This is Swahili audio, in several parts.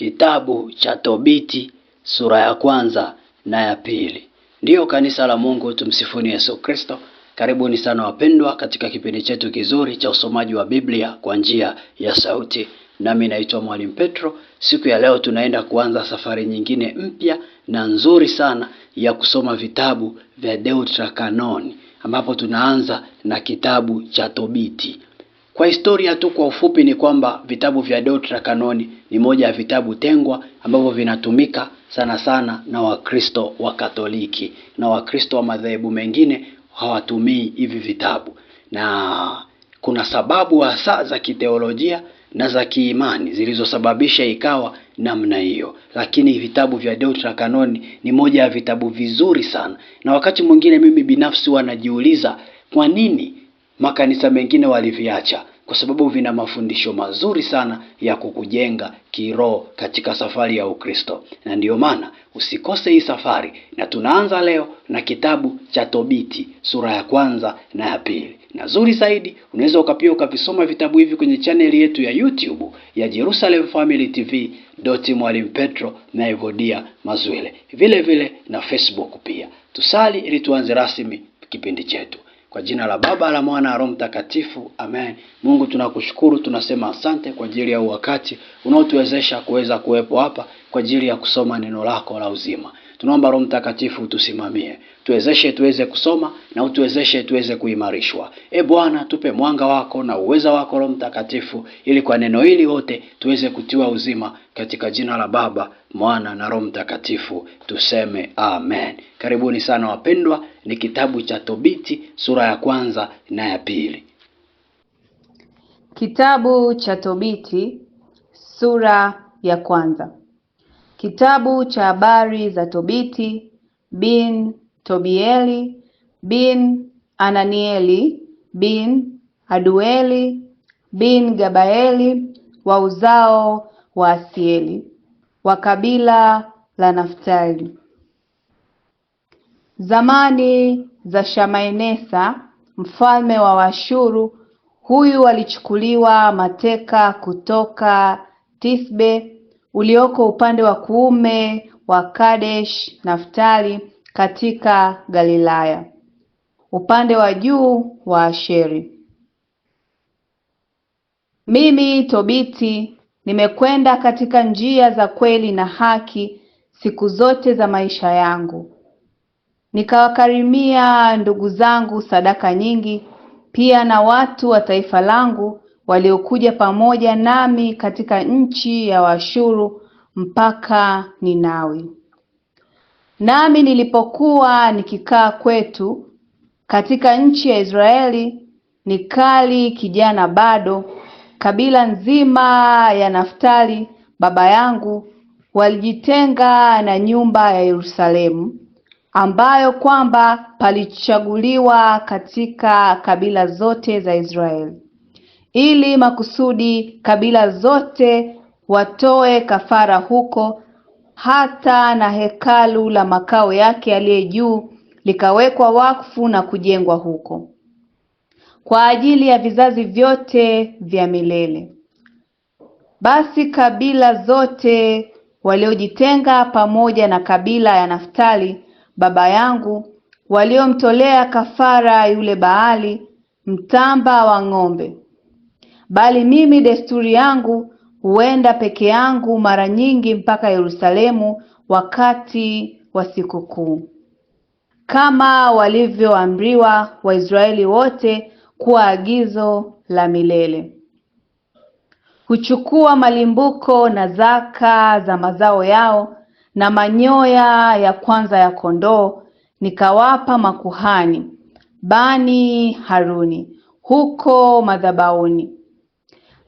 Kitabu cha Tobiti sura ya kwanza na ya pili. Ndiyo kanisa la Mungu, tumsifuni Yesu Kristo. Karibuni sana wapendwa, katika kipindi chetu kizuri cha usomaji wa Biblia kwa njia ya sauti. Nami naitwa Mwalimu Petro. Siku ya leo tunaenda kuanza safari nyingine mpya na nzuri sana ya kusoma vitabu vya Deuterokanoni, ambapo tunaanza na kitabu cha Tobiti. Kwa historia tu kwa ufupi ni kwamba vitabu vya Deutra Kanoni ni moja ya vitabu tengwa ambavyo vinatumika sana sana na Wakristo wa Katoliki na Wakristo wa madhehebu mengine hawatumii hivi vitabu, na kuna sababu hasa za kiteolojia na za kiimani zilizosababisha ikawa namna hiyo, lakini vitabu vya Deutra Kanoni ni moja ya vitabu vizuri sana, na wakati mwingine mimi binafsi wanajiuliza kwa nini makanisa mengine waliviacha, kwa sababu vina mafundisho mazuri sana ya kukujenga kiroho katika safari ya Ukristo. Na ndiyo maana usikose hii safari, na tunaanza leo na kitabu cha Tobiti sura ya kwanza na ya pili. Na zuri zaidi, unaweza ukapia ukavisoma vitabu hivi kwenye chaneli yetu ya YouTube ya Jerusalem Family TV doti Mwalimu Petro na Evodia Mazwile, vile vile na Facebook pia. Tusali ili tuanze rasmi kipindi chetu. Kwa jina la Baba la Mwana na Roho Mtakatifu, amen. Mungu tunakushukuru, tunasema asante kwa ajili ya wakati unaotuwezesha kuweza kuwepo hapa kwa ajili ya kusoma neno lako la uzima. Tunaomba Roho Mtakatifu utusimamie, tuwezeshe tuweze kusoma na utuwezeshe tuweze kuimarishwa. E Bwana, tupe mwanga wako na uweza wako Roho Mtakatifu, ili kwa neno hili wote tuweze kutiwa uzima, katika jina la Baba, Mwana na Roho Mtakatifu tuseme amen. Karibuni sana wapendwa, ni kitabu cha Tobiti sura ya kwanza na ya pili. Kitabu cha Tobiti sura ya kwanza. Kitabu cha habari za Tobiti bin Tobieli bin ananieli bin adueli bin Gabaeli wa uzao wa Asieli wa kabila la Naftali. Zamani za Shamaenesa mfalme wa Washuru, huyu alichukuliwa mateka kutoka Tisbe ulioko upande wa kuume wa Kadesh Naftali katika Galilaya, upande wa juu wa Asheri. Mimi Tobiti nimekwenda katika njia za kweli na haki siku zote za maisha yangu, nikawakarimia ndugu zangu sadaka nyingi, pia na watu wa taifa langu waliokuja pamoja nami katika nchi ya washuru mpaka Ninawi. Nami nilipokuwa nikikaa kwetu katika nchi ya Israeli, nikali kijana bado, kabila nzima ya Naftali baba yangu walijitenga na nyumba ya Yerusalemu ambayo kwamba palichaguliwa katika kabila zote za Israeli ili makusudi kabila zote watoe kafara huko, hata na hekalu la makao yake aliye juu likawekwa wakfu na kujengwa huko kwa ajili ya vizazi vyote vya milele. Basi kabila zote waliojitenga pamoja na kabila ya Naftali baba yangu, waliomtolea kafara yule Baali mtamba wa ng'ombe, bali mimi desturi yangu huenda peke yangu mara nyingi mpaka Yerusalemu wakati wa sikukuu, kama walivyoamriwa Waisraeli wote kuwa agizo la milele. Huchukua malimbuko na zaka za mazao yao na manyoya ya kwanza ya kondoo nikawapa makuhani bani Haruni huko madhabahuni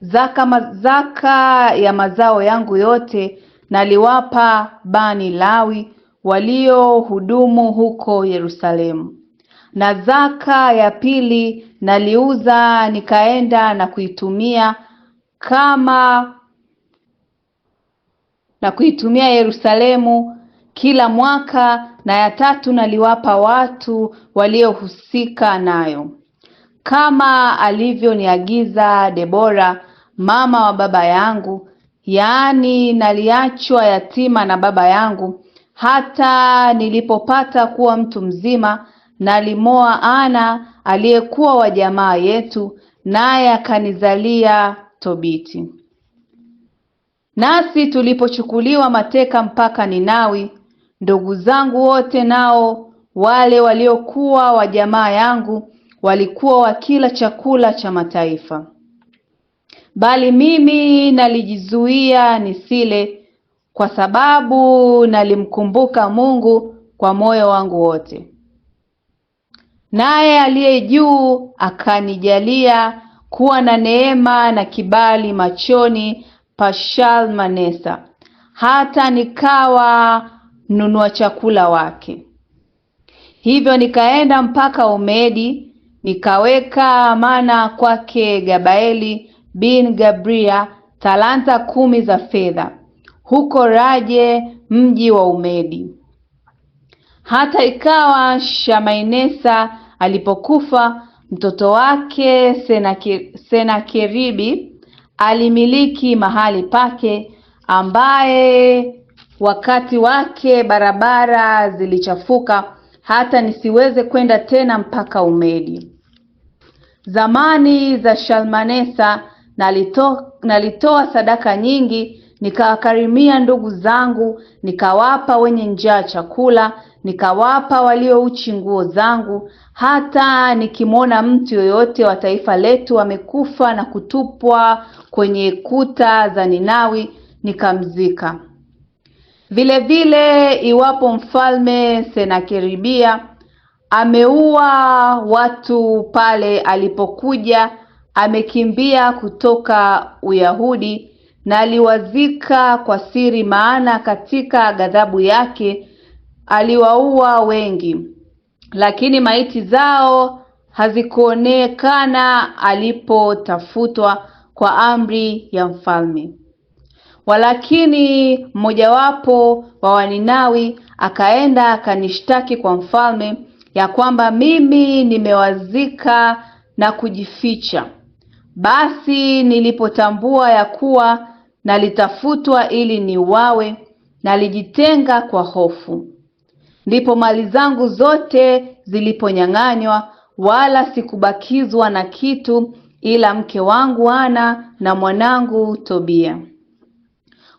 zaka, zaka ya mazao yangu yote naliwapa bani Lawi waliohudumu huko Yerusalemu, na zaka ya pili naliuza nikaenda na kuitumia kama na kuitumia Yerusalemu kila mwaka, na ya tatu naliwapa watu waliohusika nayo, kama alivyoniagiza Debora mama wa baba yangu, yaani naliachwa yatima na baba yangu. Hata nilipopata kuwa mtu mzima, nalimoa Ana aliyekuwa wa jamaa yetu, naye akanizalia Tobiti. Nasi tulipochukuliwa mateka mpaka Ninawi, ndugu zangu wote nao wale waliokuwa wa jamaa yangu walikuwa wakila chakula cha mataifa bali mimi nalijizuia nisile, kwa sababu nalimkumbuka Mungu kwa moyo wangu wote, naye aliye juu akanijalia kuwa na neema na kibali machoni pa Shalmanesa, hata nikawa mnunua chakula wake. Hivyo nikaenda mpaka Umedi, nikaweka mana kwake Gabaeli bin Gabria talanta kumi za fedha huko Raje mji wa Umedi. Hata ikawa Shamainesa alipokufa, mtoto wake Senakeribi alimiliki mahali pake, ambaye wakati wake barabara zilichafuka hata nisiweze kwenda tena mpaka Umedi. Zamani za Shalmanesa nalitoa sadaka nyingi, nikawakarimia ndugu zangu, nikawapa wenye njaa chakula, nikawapa waliouchi nguo zangu. Hata nikimwona mtu yoyote wa taifa letu amekufa na kutupwa kwenye kuta za Ninawi, nikamzika. Vilevile, iwapo mfalme Senakeribia ameua watu pale alipokuja amekimbia kutoka Uyahudi na aliwazika kwa siri maana katika ghadhabu yake aliwaua wengi, lakini maiti zao hazikuonekana alipotafutwa kwa amri ya mfalme. Walakini mmojawapo wa Waninawi akaenda akanishtaki kwa mfalme ya kwamba mimi nimewazika na kujificha. Basi nilipotambua ya kuwa nalitafutwa ili niuawe, nalijitenga kwa hofu. Ndipo mali zangu zote ziliponyang'anywa, wala sikubakizwa na kitu ila mke wangu Ana na mwanangu Tobia.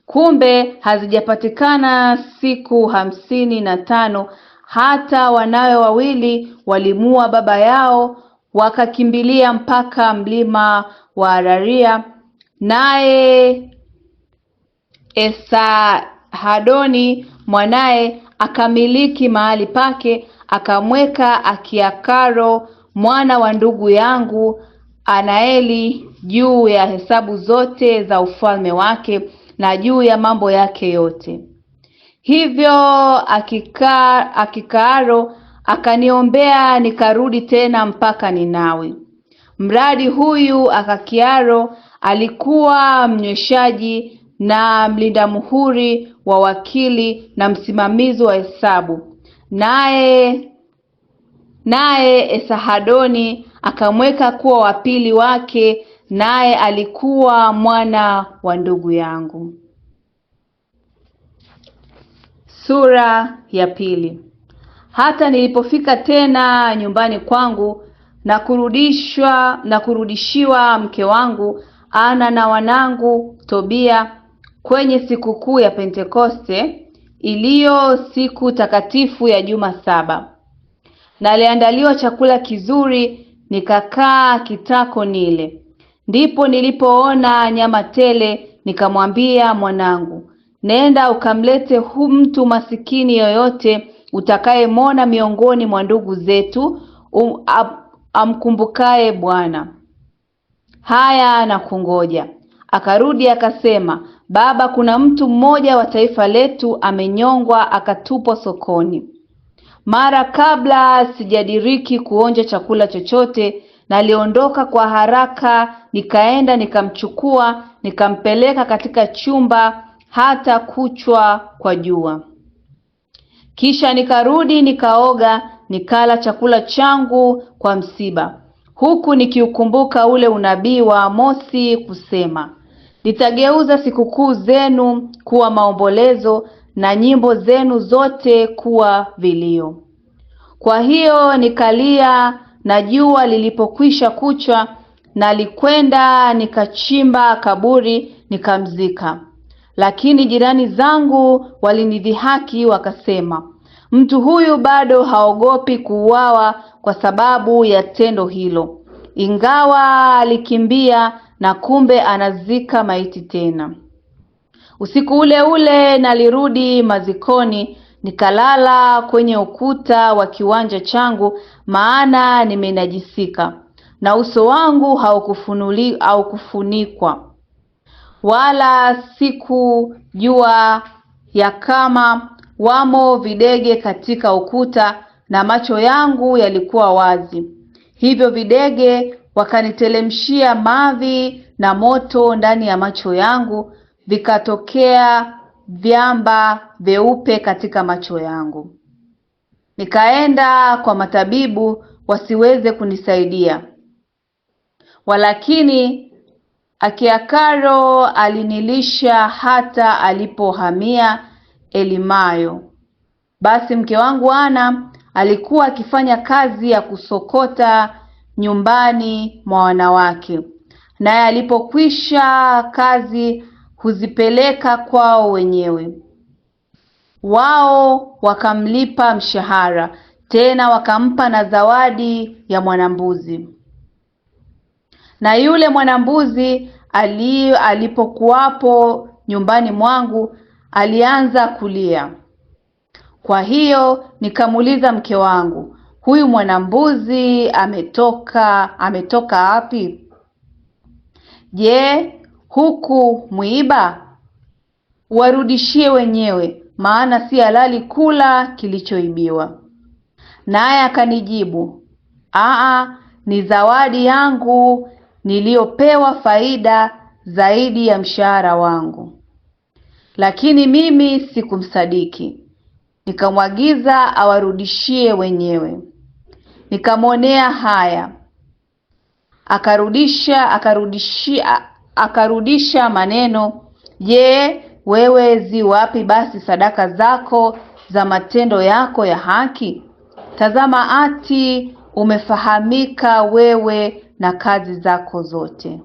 Kumbe hazijapatikana siku hamsini na tano hata wanawe wawili walimua baba yao wakakimbilia mpaka mlima wa Araria, naye esahadoni mwanaye akamiliki mahali pake, akamweka Akiakaro mwana wa ndugu yangu Anaeli juu ya hesabu zote za ufalme wake na juu ya mambo yake yote. Hivyo Akika, Akikaaro Akaniombea nikarudi tena mpaka Ninawi. Mradi huyu Akakiaro alikuwa mnyweshaji na mlinda muhuri wa wakili na msimamizi wa hesabu, naye naye Esahadoni akamweka kuwa wa pili wake, naye alikuwa mwana wa ndugu yangu. Sura ya pili. Hata nilipofika tena nyumbani kwangu na kurudishwa na kurudishiwa mke wangu Ana na wanangu Tobia kwenye sikukuu ya Pentekoste iliyo siku takatifu ya juma saba, na aliandaliwa chakula kizuri, nikakaa kitako nile. Ndipo nilipoona nyama tele, nikamwambia mwanangu, nenda ukamlete mtu masikini yoyote utakayemwona miongoni mwa ndugu zetu um, amkumbukaye Bwana. Haya, na kungoja. Akarudi akasema, Baba, kuna mtu mmoja wa taifa letu amenyongwa akatupwa sokoni. Mara kabla sijadiriki kuonja chakula chochote, naliondoka kwa haraka, nikaenda nikamchukua, nikampeleka katika chumba hata kuchwa kwa jua. Kisha nikarudi nikaoga, nikala chakula changu kwa msiba, huku nikiukumbuka ule unabii wa Amosi kusema, nitageuza sikukuu zenu kuwa maombolezo na nyimbo zenu zote kuwa vilio. Kwa hiyo nikalia, na jua lilipokwisha kuchwa, nalikwenda nikachimba kaburi nikamzika. Lakini jirani zangu walinidhihaki wakasema, mtu huyu bado haogopi kuuawa kwa sababu ya tendo hilo, ingawa alikimbia na kumbe anazika maiti tena. Usiku ule ule nalirudi mazikoni nikalala kwenye ukuta wa kiwanja changu, maana nimenajisika na uso wangu haukufunuli haukufunikwa wala sikujua ya kama wamo videge katika ukuta, na macho yangu yalikuwa wazi. Hivyo videge wakanitelemshia mavi na moto ndani ya macho yangu, vikatokea vyamba vyeupe katika macho yangu. Nikaenda kwa matabibu wasiweze kunisaidia, walakini akiakaro alinilisha hata alipohamia Elimayo. Basi mke wangu Ana alikuwa akifanya kazi ya kusokota nyumbani mwa wanawake, naye alipokwisha kazi huzipeleka kwao wenyewe. Wao wakamlipa mshahara, tena wakampa na zawadi ya mwanambuzi. Na yule mwana-mbuzi ali alipokuwapo nyumbani mwangu alianza kulia. Kwa hiyo nikamuuliza mke wangu, huyu mwana-mbuzi ametoka ametoka wapi? Je, huku mwiba? Warudishie wenyewe, maana si halali kula kilichoibiwa. Naye akanijibu, aa, ni zawadi yangu niliyopewa faida zaidi ya mshahara wangu. Lakini mimi sikumsadiki, nikamwagiza awarudishie wenyewe. Nikamwonea haya, akarudisha akarudishia akarudisha maneno, Je, wewe zi wapi basi sadaka zako za matendo yako ya haki? Tazama ati umefahamika wewe na kazi zako zote.